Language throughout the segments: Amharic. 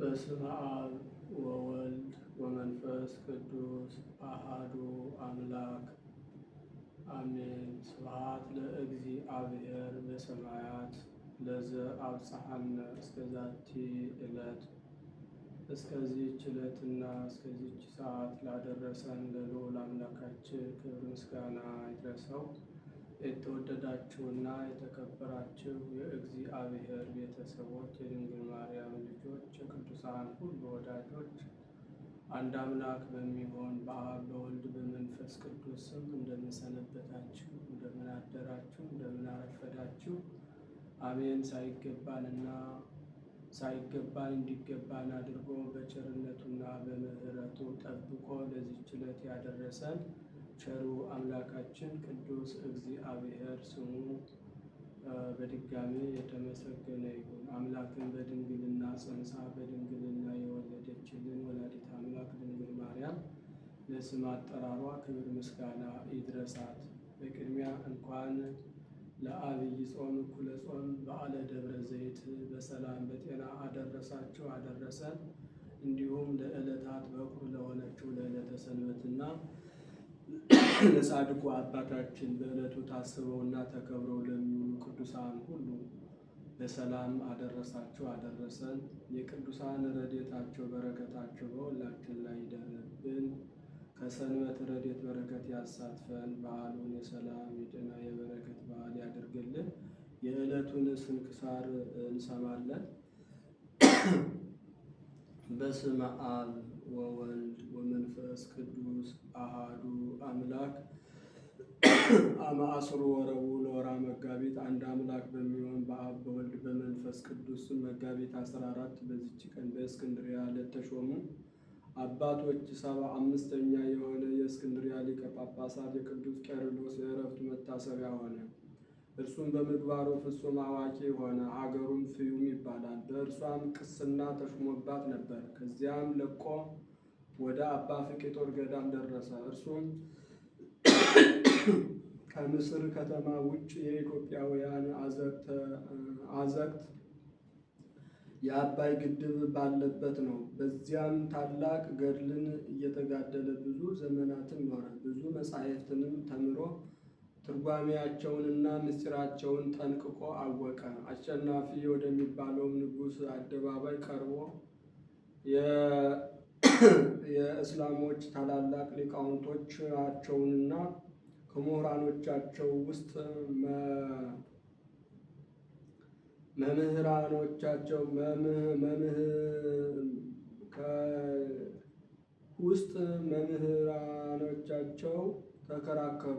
በስመ አብ ወወልድ ወመንፈስ ቅዱስ አሃዱ አምላክ አሜን። ስብሐት ለእግዚአብሔር በሰማያት ለዘአብጽሐነ እስከዛቲ ዕለት እስከዚች ዕለትና እስከዚች ሰዓት ላደረሰን ለልዑል አምላካችን ክብር ምስጋና ይድረሰው። የተወደዳችሁና የተከበራችሁ የእግዚአብሔር ቤተሰቦች፣ የድንግል ማርያም ልጆች፣ የቅዱሳን ሁሉ ወዳጆች አንድ አምላክ በሚሆን በአብ በወልድ በመንፈስ ቅዱስ ስም እንደምንሰነበታችሁ፣ እንደምን አደራችሁ፣ እንደምን አረፈዳችሁ። አሜን። ሳይገባንና ሳይገባን እንዲገባን አድርጎ በቸርነቱና በምሕረቱ ጠብቆ ለዚች ዕለት ያደረሰን ቸሩ አምላካችን ቅዱስ እግዚአብሔር ስሙ በድጋሚ የተመሰገነ ይሁን። አምላክን በድንግልና ጸንሳ በድንግልና የወለደችልን ወላዲት አምላክ ድንግል ማርያም ለስም አጠራሯ ክብር ምስጋና ይድረሳት። በቅድሚያ እንኳን ለአብይ ጾም እኩለ ጾም በዓለ ደብረ ዘይት በሰላም በጤና አደረሳችሁ አደረሰን። እንዲሁም ለዕለታት በኩር ለሆነችው ለዕለተ ሰንበትና ለጻድቁ አባታችን በዕለቱ ታስበውና ተከብረው ለሚውሉ ቅዱሳን ሁሉ በሰላም አደረሳቸው አደረሰን። የቅዱሳን ረዴታቸው በረከታቸው በሁላችን ላይ ይደርብን። ከሰንበት ረዴት በረከት ያሳትፈን። በዓሉን የሰላም የጤና የበረከት በዓል ያደርግልን። የዕለቱን ስንክሳር እንሰማለን። በስመ አብ ወወልድ ወመንፈስ ቅዱስ አሃዱ አምላክ አመ ዐሥሩ ወረቡዕ መጋቢት አንድ አምላክ በሚሆን በአብ በወልድ በመንፈስ ቅዱስ መጋቢት 14 በዚች ቀን በእስክንድርያ ዕለት ተሾሙ አባቶች ሰባ አምስተኛ የሆነ የእስክንድሪያ ሊቀ ጳጳሳት የቅዱስ ቄርሎስ የእረፍት መታሰቢያ ሆነ። እርሱም በምግባሩ ፍጹም አዋቂ የሆነ አገሩም ፍዩም ይባላል። በእርሷም ቅስና ተሾሞባት ነበር። ከዚያም ለቆ ወደ አባ ፍቄጦር ገዳም ደረሰ። እርሱም ከምስር ከተማ ውጭ የኢትዮጵያውያን አዘግት የአባይ ግድብ ባለበት ነው። በዚያም ታላቅ ገድልን እየተጋደለ ብዙ ዘመናትን ኖረ። ብዙ መጻሕፍትንም ተምሮ ትርጓሜያቸውንና ምስጢራቸውን ጠንቅቆ አወቀ። አሸናፊ ወደሚባለውም ንጉሥ አደባባይ ቀርቦ የእስላሞች ታላላቅ ሊቃውንቶቻቸውንና ከምሁራኖቻቸው ውስጥ መምህራኖቻቸው ውስጥ መምህራኖቻቸው ተከራከሩ።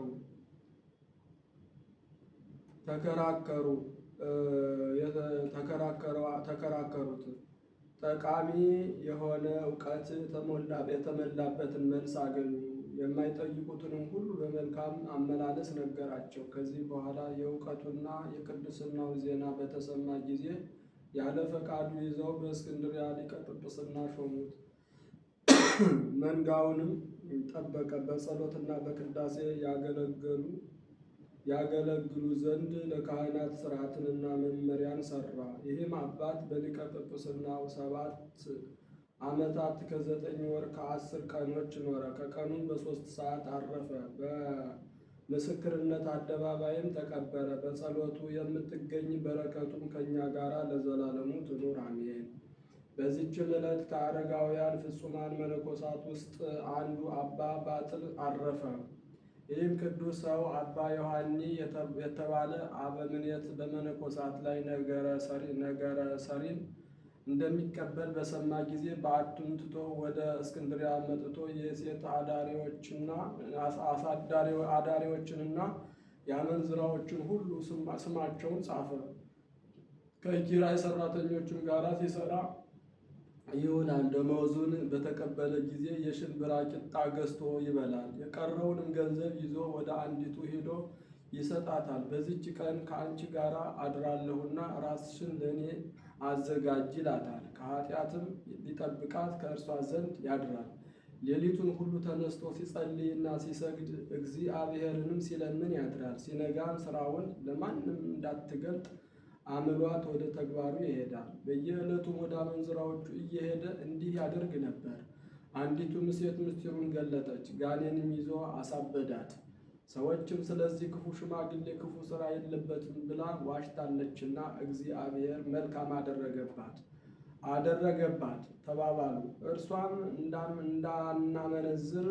ተከራከሩ ተከራከሩት ጠቃሚ የሆነ እውቀት የተሞላበትን መልስ አገኙ። የማይጠይቁትንም ሁሉ በመልካም አመላለስ ነገራቸው። ከዚህ በኋላ የእውቀቱና የቅድስናው ዜና በተሰማ ጊዜ ያለ ፈቃዱ ይዘው በእስክንድሪያ ሊቀ ጵጵስና ሾሙት። መንጋውንም ጠበቀ። በጸሎትና በቅዳሴ ያገለገሉ ያገለግሉ ዘንድ ለካህናት ስርዓትንና መመሪያን ሰራ። ይህም አባት በሊቀ ጵጵስናው ሰባት ዓመታት ከዘጠኝ ወር ከአስር ቀኖች ኖረ። ከቀኑም በሦስት ሰዓት አረፈ። በምስክርነት አደባባይም ተቀበረ። በጸሎቱ የምትገኝ በረከቱም ከእኛ ጋር ለዘላለሙ ትኑር አሜን። በዚችም ዕለት ከአረጋውያን ፍጹማን መነኮሳት ውስጥ አንዱ አባ ባጥል አረፈ። ይህም ቅዱስ ሰው አባ ዮሐኒ የተባለ አበምኔት በመነኮሳት ላይ ነገረ ሰሪን እንደሚቀበል በሰማ ጊዜ በዓቱን ትቶ ወደ እስክንድሪያ መጥቶ የሴት አዳሪዎችና አዳሪዎችንና የአመንዝራዎችን ሁሉ ስማቸውን ጻፈ። ከኪራይ ሰራተኞችም ጋራ ሲሰራ ይሆናል። ደመወዙን በተቀበለ ጊዜ የሽንብራ ቂጣ ገዝቶ ይበላል። የቀረውንም ገንዘብ ይዞ ወደ አንዲቱ ሄዶ ይሰጣታል። በዚች ቀን ከአንቺ ጋር አድራለሁና ራስሽን ለእኔ አዘጋጅ ይላታል። ከኃጢአትም ሊጠብቃት ከእርሷ ዘንድ ያድራል። ሌሊቱን ሁሉ ተነስቶ ሲጸልይና ሲሰግድ እግዚአብሔርንም ሲለምን ያድራል። ሲነጋም ስራውን ለማንም እንዳትገልጥ አምሏት ወደ ተግባሩ ይሄዳል። በየዕለቱ ወደ አመንዝራዎቹ እየሄደ እንዲህ ያደርግ ነበር። አንዲቱም ሴት ምስጢሩን ገለጠች፣ ጋኔንም ይዞ አሳበዳት። ሰዎችም ስለዚህ ክፉ ሽማግሌ ክፉ ሥራ የለበትም ብላ ዋሽታለችና እግዚአብሔር መልካም አደረገባት አደረገባት ተባባሉ። እርሷም እንዳናመነዝር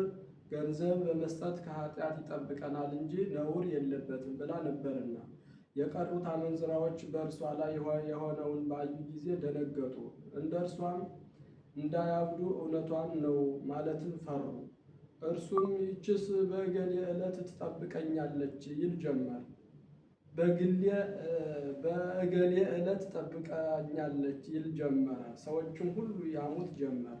ገንዘብ በመስጠት ከኃጢአት ይጠብቀናል እንጂ ነውር የለበትም ብላ ነበርና የቀሩት አመንዝራዎች በእርሷ ላይ የሆነውን ባዩ ጊዜ ደነገጡ፣ እንደ እርሷም እንዳያብዱ እውነቷን ነው ማለትም ፈሩ። እርሱም ይችስ በእገሌ ዕለት ትጠብቀኛለች ይል ጀመር። በግሌ በእገሌ ዕለት ጠብቀኛለች ይል ጀመረ። ሰዎችም ሁሉ ያሙት ጀመር።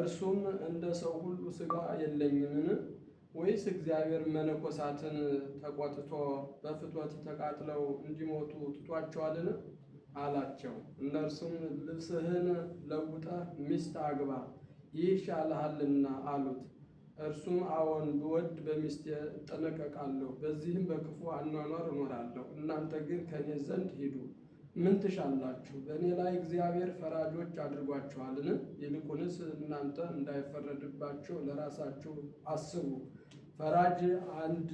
እርሱም እንደ ሰው ሁሉ ሥጋ የለኝምን ወይስ እግዚአብሔር መነኮሳትን ተቆጥቶ በፍትወት ተቃጥለው እንዲሞቱ ትቷቸዋልን? አላቸው። እነርሱም ልብስህን ለውጠህ ሚስት አግባ ይሻልሃልና አሉት። እርሱም አዎን ብወድ በሚስቴ እጠነቀቃለሁ፣ በዚህም በክፉ አኗኗር እኖራለሁ። እናንተ ግን ከእኔ ዘንድ ሂዱ። ምን ትሻላችሁ? በእኔ ላይ እግዚአብሔር ፈራጆች አድርጓችኋልን? ይልቁንስ እናንተ እንዳይፈረድባችሁ ለራሳችሁ አስቡ። ፈራጅ አንድ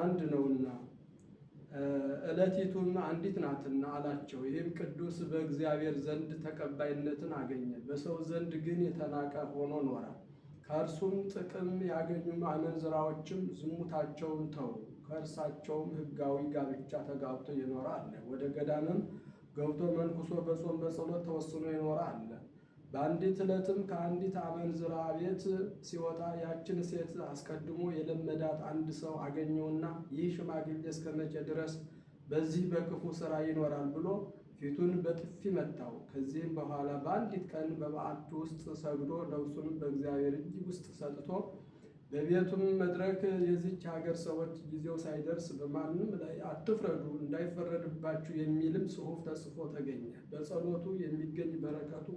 አንድ ነውና እለቲቱም አንዲት ናትና አላቸው። ይህም ቅዱስ በእግዚአብሔር ዘንድ ተቀባይነትን አገኘ፣ በሰው ዘንድ ግን የተናቀ ሆኖ ኖረ። ከእርሱም ጥቅም ያገኙ አመንዝራዎችም ዝሙታቸውን ተው፣ ከእርሳቸውም ሕጋዊ ጋብቻ ተጋብቶ የኖረ አለ። ወደ ገዳምም ገብቶ መንኩሶ በጾም በጸሎት ተወስኖ የኖረ አለ። በአንዲት ዕለትም ከአንዲት አመንዝራ ቤት ሲወጣ ያችን ሴት አስቀድሞ የለመዳት አንድ ሰው አገኘውና ይህ ሽማግሌ እስከ መቼ ድረስ በዚህ በክፉ ሥራ ይኖራል ብሎ ፊቱን በጥፊ መታው። ከዚህም በኋላ በአንዲት ቀን በበዓቱ ውስጥ ሰግዶ ነፍሱንም በእግዚአብሔር እጅ ውስጥ ሰጥቶ በቤቱም መድረክ የዚች ሀገር ሰዎች ጊዜው ሳይደርስ በማንም ላይ አትፍረዱ እንዳይፈረድባችሁ የሚልም ጽሑፍ ተጽፎ ተገኘ። በጸሎቱ የሚገኝ በረከቱ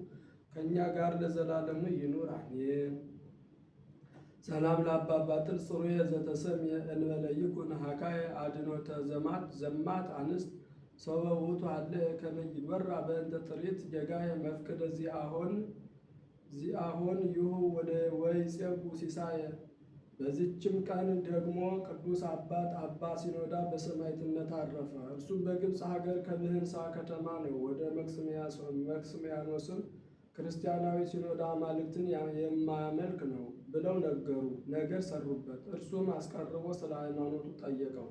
ከእኛ ጋር ለዘላለሙ ይኑር አሜን። ሰላም ለአባባ ጥርስሩየ የዘተሰም እንበለ ይኩን ሀካየ አድኖተ ዘማት ዘማት አንስት ሰበ ውእቱ አለ ከመ ወራ በእንተ ጥሪት ጌጋየ መፍቅደ ዚአሆን ዚአሆን ይሁ ወደ ወይ ጼጉ ሲሳየ። በዚችም ቀን ደግሞ ቅዱስ አባት አባ ሲኖዳ በሰማዕትነት አረፈ። እርሱም በግብፅ ሀገር ከብህንሳ ከተማ ነው። ወደ መክስሚያኖስም ክርስቲያናዊ ሲኖዳ አማልክትን የማያመልክ ነው ብለው ነገሩ ነገር ሰሩበት። እርሱም አስቀርቦ ስለ ሃይማኖቱ ጠየቀው።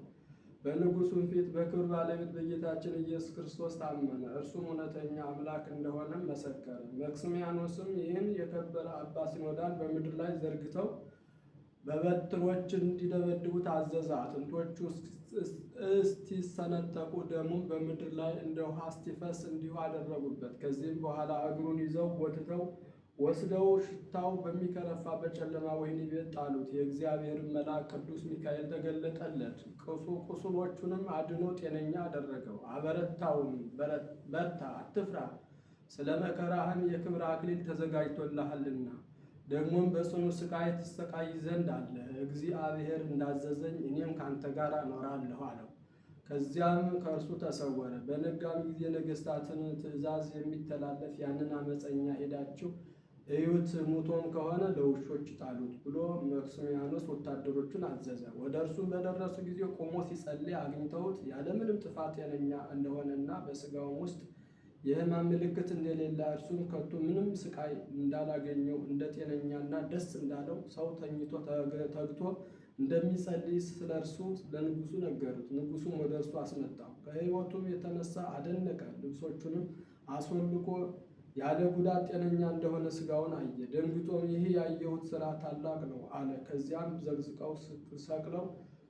በንጉሱም ፊት በክብር ባለቤት በጌታችን ኢየሱስ ክርስቶስ ታመነ። እርሱም እውነተኛ አምላክ እንደሆነም መሰከረ። መክስሚያኖስም ይህን የከበረ አባ ሲኖዳን በምድር ላይ ዘርግተው በበትሮች እንዲደበድቡ ታዘዘ። አጥንቶቹ እስቲሰነጠቁ ደሙ በምድር ላይ እንደ ውሃ እስቲፈስ እንዲሁ አደረጉበት። ከዚህም በኋላ እግሩን ይዘው ጎትተው ወስደው ሽታው በሚከረፋ በጨለማ ወህኒ ቤት ጣሉት። የእግዚአብሔር መልአክ ቅዱስ ሚካኤል ተገለጠለት፣ ቁስሎቹንም አድኖ ጤነኛ አደረገው። አበረታውም፣ በርታ፣ አትፍራ፣ ስለ መከራህም የክብር አክሊል ተዘጋጅቶልሃልና ደግሞም በጽኑ ስቃይ ትሰቃይ ዘንድ አለ እግዚአብሔር እንዳዘዘኝ እኔም ካንተ ጋር እኖራለሁ አለው። ከዚያም ከእርሱ ተሰወረ። በነጋም ጊዜ ነገስታትን ትእዛዝ የሚተላለፍ ያንን አመፀኛ ሄዳችሁ እዩት፣ ሙቶም ከሆነ ለውሾች ጣሉት ብሎ መክስሚያኖስ ወታደሮቹን አዘዘ። ወደ እርሱም በደረሱ ጊዜ ቆሞ ሲጸልይ አግኝተውት ያለምንም ጥፋት ጤነኛ እንደሆነና በስጋውም ውስጥ የሕማም ምልክት እንደሌለ እርሱም ከቶ ምንም ስቃይ እንዳላገኘው እንደ ጤነኛና ደስ እንዳለው ሰው ተኝቶ ተግቶ እንደሚጸልይ ስለ እርሱ ለንጉሱ ነገሩት። ንጉሱም ወደ እርሱ አስመጣው፣ ከህይወቱም የተነሳ አደነቀ። ልብሶቹንም አስወልቆ ያለ ጉዳት ጤነኛ እንደሆነ ስጋውን አየ። ደንግጦም ይህ ያየሁት ስራ ታላቅ ነው አለ። ከዚያም ዘግዝቀው ሰቅለው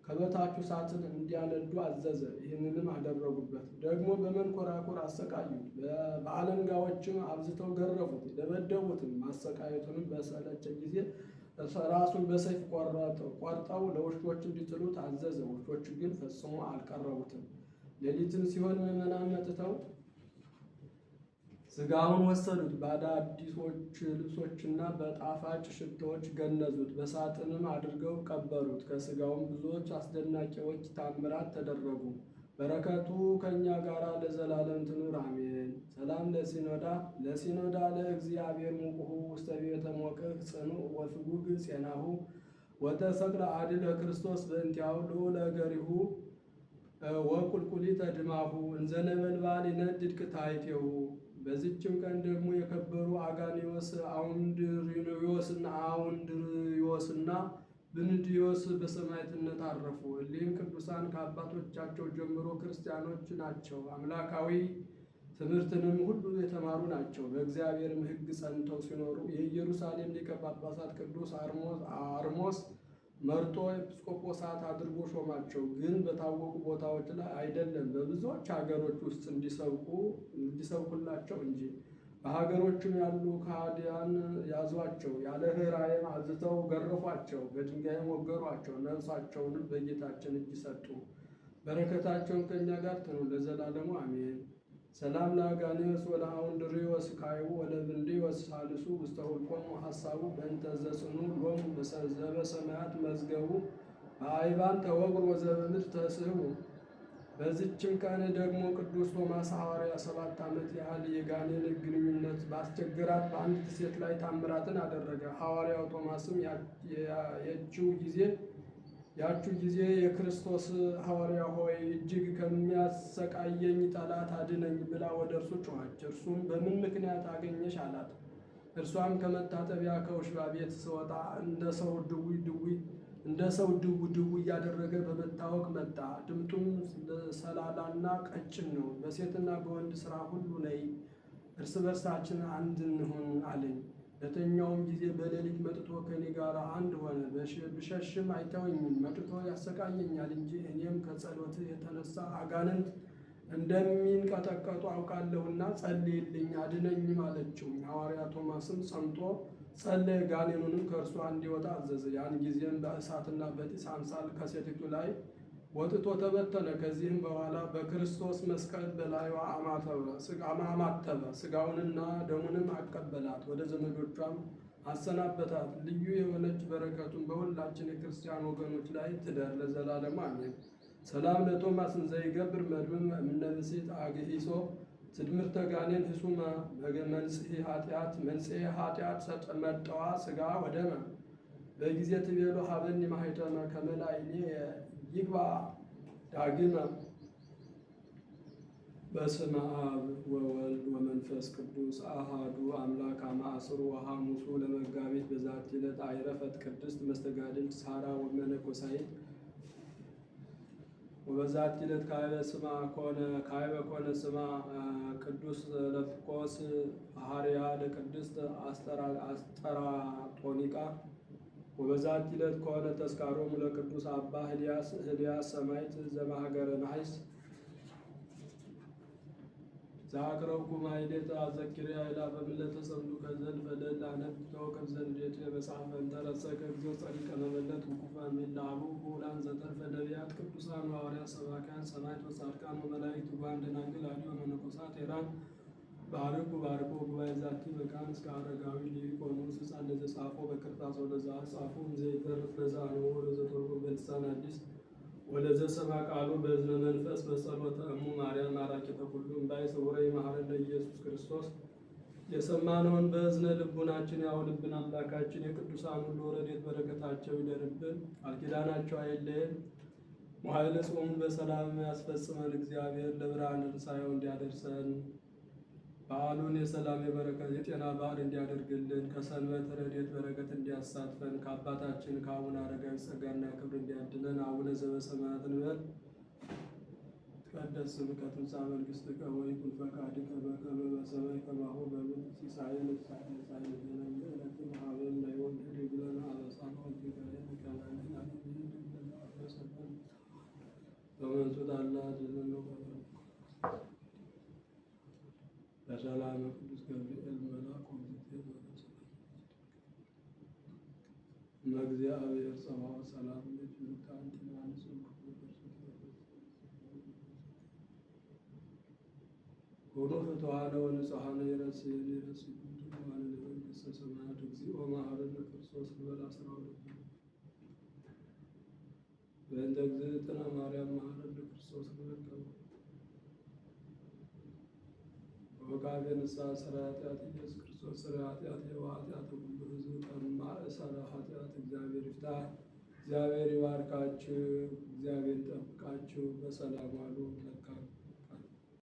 ከበታቹ እሳትን እንዲያነዱ አዘዘ። ይህንንም አደረጉበት። ደግሞ በመንኮራኩር አሰቃዩት፣ በአለንጋዎችም አብዝተው ገረፉት። ደበደቡትም። ማሰቃየቱንም በሰለቸ ጊዜ ራሱን በሰይፍ ቆርጠው ለውሾች እንዲጥሉት አዘዘ። ውሾቹ ግን ፈጽሞ አልቀረቡትም። ሌሊትም ሲሆን ምዕመናን መጥተው ስጋውን ወሰዱት፣ በአዳዲሶች ልብሶችና በጣፋጭ ሽቶዎች ገነዙት፣ በሳጥንም አድርገው ቀበሩት። ከስጋውም ብዙዎች አስደናቂዎች ታምራት ተደረጉ። በረከቱ ከእኛ ጋር ለዘላለም ትኑር አሜን። ሰላም ለሲኖዳ ለሲኖዳ ለእግዚአብሔር ሙቁሁ ውስተ ቤተ ሞቅህ ጽኑዕ ወፍጉግ ጼናሁ ወተሰቅለ አድለ ክርስቶስ በእንቲአሁ ለገሪሁ ወቁልቁሊተ ድማሁ እንዘ ነበልባል ታይቴሁ በዚችም ቀን ደግሞ የከበሩ አጋኒዮስ አውንድሪኖዮስና አውንድሪዮስና ብንድዮስ በሰማዕትነት አረፉ። እሊህም ቅዱሳን ከአባቶቻቸው ጀምሮ ክርስቲያኖች ናቸው። አምላካዊ ትምህርትንም ሁሉ የተማሩ ናቸው። በእግዚአብሔርም ሕግ ጸንተው ሲኖሩ የኢየሩሳሌም ሊቀ ጳጳሳት ቅዱስ አርሞስ መርጦ ኤጲስቆጶሳት አድርጎ ሾማቸው። ግን በታወቁ ቦታዎች ላይ አይደለም፣ በብዙዎች ሀገሮች ውስጥ እንዲሰብኩ እንዲሰብኩላቸው እንጂ በሀገሮችም ያሉ ከሃዲያን ያዟቸው፣ ያለ ኅራዬም አዝተው ገረፏቸው፣ በድንጋይም ወገሯቸው። ነፍሳቸውንም በጌታችን እጅ ሰጡ። በረከታቸውን ከእኛ ጋር ትኑ ለዘላለሙ አሜን። ሰላም ለአጋንስ ወለአውንድሪዎስ ካይቡ ወለብልድዮስ ሳልሱ ውስተ ሁልቆሙ ሐሳቡ በእንተ ዘጽኑ ሎሙ በሰዘበ ሰማያት መዝገቡ በአይባን ተወግሮ ወዘበምድር ተስህቡ። በዚችም ቀን ደግሞ ቅዱስ ቶማስ ሐዋርያ ሰባት ዓመት ያህል የጋኔን ግንኙነት በአስቸግራት በአንዲት ሴት ላይ ታምራትን አደረገ። ሐዋርያው ቶማስም ያችው ጊዜ ያቹ ጊዜ የክርስቶስ ሐዋርያ ሆይ እጅግ ከሚያሰቃየኝ ጠላት አድነኝ ብላ ወደ እርሱ ጮኸች። እርሱም በምን ምክንያት አገኘሽ አላት። እርሷም ከመታጠቢያ ከውሽባ ቤት ስወጣ እንደ ሰው ድዊ ድዊ እንደ ሰው ድው ድው እያደረገ በመታወቅ መጣ። ድምጡም ሰላላና ቀጭን ነው። በሴትና በወንድ ስራ ሁሉ ላይ እርስ በርሳችን አንድ እንሁን አለኝ። በተኛውም ጊዜ በሌሊት መጥቶ ከእኔ ጋር አንድ ሆነ። ብሸሽም አይተወኝም፣ መጥቶ ያሰቃየኛል እንጂ። እኔም ከጸሎት የተነሳ አጋንንት እንደሚንቀጠቀጡ አውቃለሁና ጸልይልኝ፣ አድነኝም አለችው። ሐዋርያ ቶማስም ሰምቶ ጸለየ፣ ጋኔኑንም ከእርሷ እንዲወጣ አዘዘ። ያን ጊዜም በእሳትና በጢስ አምሳል ከሴቲቱ ላይ ወጥቶ ተበተነ። ከዚህም በኋላ በክርስቶስ መስቀል በላዩ አማተበ፣ ስጋውንና ደሙንም አቀበላት፣ ወደ ዘመዶቿም አሰናበታት። ልዩ የሆነች በረከቱን በሁላችን የክርስቲያን ወገኖች ላይ ትደር ለዘላለም አሜን። ሰላም ለቶማስ እንዘይገብር መድብም እምነብሲት አግሂሶ ስድምርተ ጋኔን ህሱመ መንጽሄ ኃጢአት መንጽሄ ኃጢአት ሰጠመጠዋ ስጋ ወደመ በጊዜ ትቤሎ ሀበኒ ማኅተመ ከመላይኔ ይግባ። ዳግመም በስመ አብ ወወልድ ወመንፈስ ቅዱስ አሃዱ አምላክ አማእስሩ ወሐሙሱ ለመጋቢት በዛቲ ዕለት አይረፈት ቅድስት መስተጋድል ሳራ ወመነኮሳይት ወበዛቲ ዕለት ካዕበ ስማ ኮነ ካዕበ ኮነ ስማ ቅዱስ ለፍቆስ ሐርያ ለቅድስት አስጠራጦኒቃ ወበዛቲ ዕለት ከሆነ ተስካሮሙ ለቅዱስ አባ ህልያስ ህልያስ ሰማዕት ናይስ ናሕስ ዛቅረብኩ ማኅሌተ አዘኪርያ ይላ በምለተ ሰብዱ ከዘን ፈደል አነብተው ከብዘን ቤት መጽሐፈ እንተረሰከ ጊዜ ጸሪቀ መበለት ውቁፈ ሚላሉ ሁላን ዘተርፈ ነቢያት ቅዱሳን ሐዋርያት ሰባክያን ሰማዕት ወጻድቃን ወመላእክት ጓንደናግል አሊ ወመነኮሳት ሄራን ባርኩ ባርኩ ጉባኤ ዛቲ በቃል እስከ አረጋዊ ሊቆኖስ ሕፃን ዘጻፎ በክርታስ ወደዛ ጻፎ ዘይተርፍ በዛ ነው ወዘተርጎ በልሳን አዲስ ወደዘ ሰማ ቃሉ በዝነ መንፈስ በጸሎተ እሙ ማርያም ማራኪ ተኩሉም ባይ ሰውረ ማህረነ ኢየሱስ ክርስቶስ የሰማነውን በእዝነ ልቡናችን ያውልብን። አምላካችን የቅዱሳን ሁሉ ወረዴት በረከታቸው ይደርብን፣ አልኪዳናቸው አይለየን። መዋዕለ ጾሙን በሰላም ያስፈጽመን። እግዚአብሔር ለብርሃን ትንሣኤው እንዲያደርሰን በዓሉን የሰላም የበረከት የጤና በዓል እንዲያደርግልን ከሰንበት ረድኤት በረከት እንዲያሳትፈን ከአባታችን ከአቡነ አረጋዊ ጸጋና ክብር እንዲያድለን አቡነ ዘበሰማያት እንበል። ይትቀደስ ስምከ ትምጻእ መንግሥትከ ወይኩን ፈቃድከ በከመ በሰማይ ከማሁ በምድር ወዶፈ ተዋህለ ወንጽሐነ ይረስን ይረስን ዋለ ለመንግሥተ ሰማያት እግዚኦ መሐረነ ክርስቶስ ልበል አስራ ሁለት በእንተ እግዝእትነ ማርያም መሐረነ ክርስቶስ ልበል ተው ወቃቤ ንስሐ ሥራ ኃጢአት ኢየሱስ ክርስቶስ ሥራ ኃጢአት የዋ ኃጢአት ሁሉ ሕዝብ ቀማ እሰራ ኃጢአት እግዚአብሔር ይፍታ እግዚአብሔር ይባርካችሁ፣ እግዚአብሔር ይጠብቃችሁ። በሰላም ዋሉ።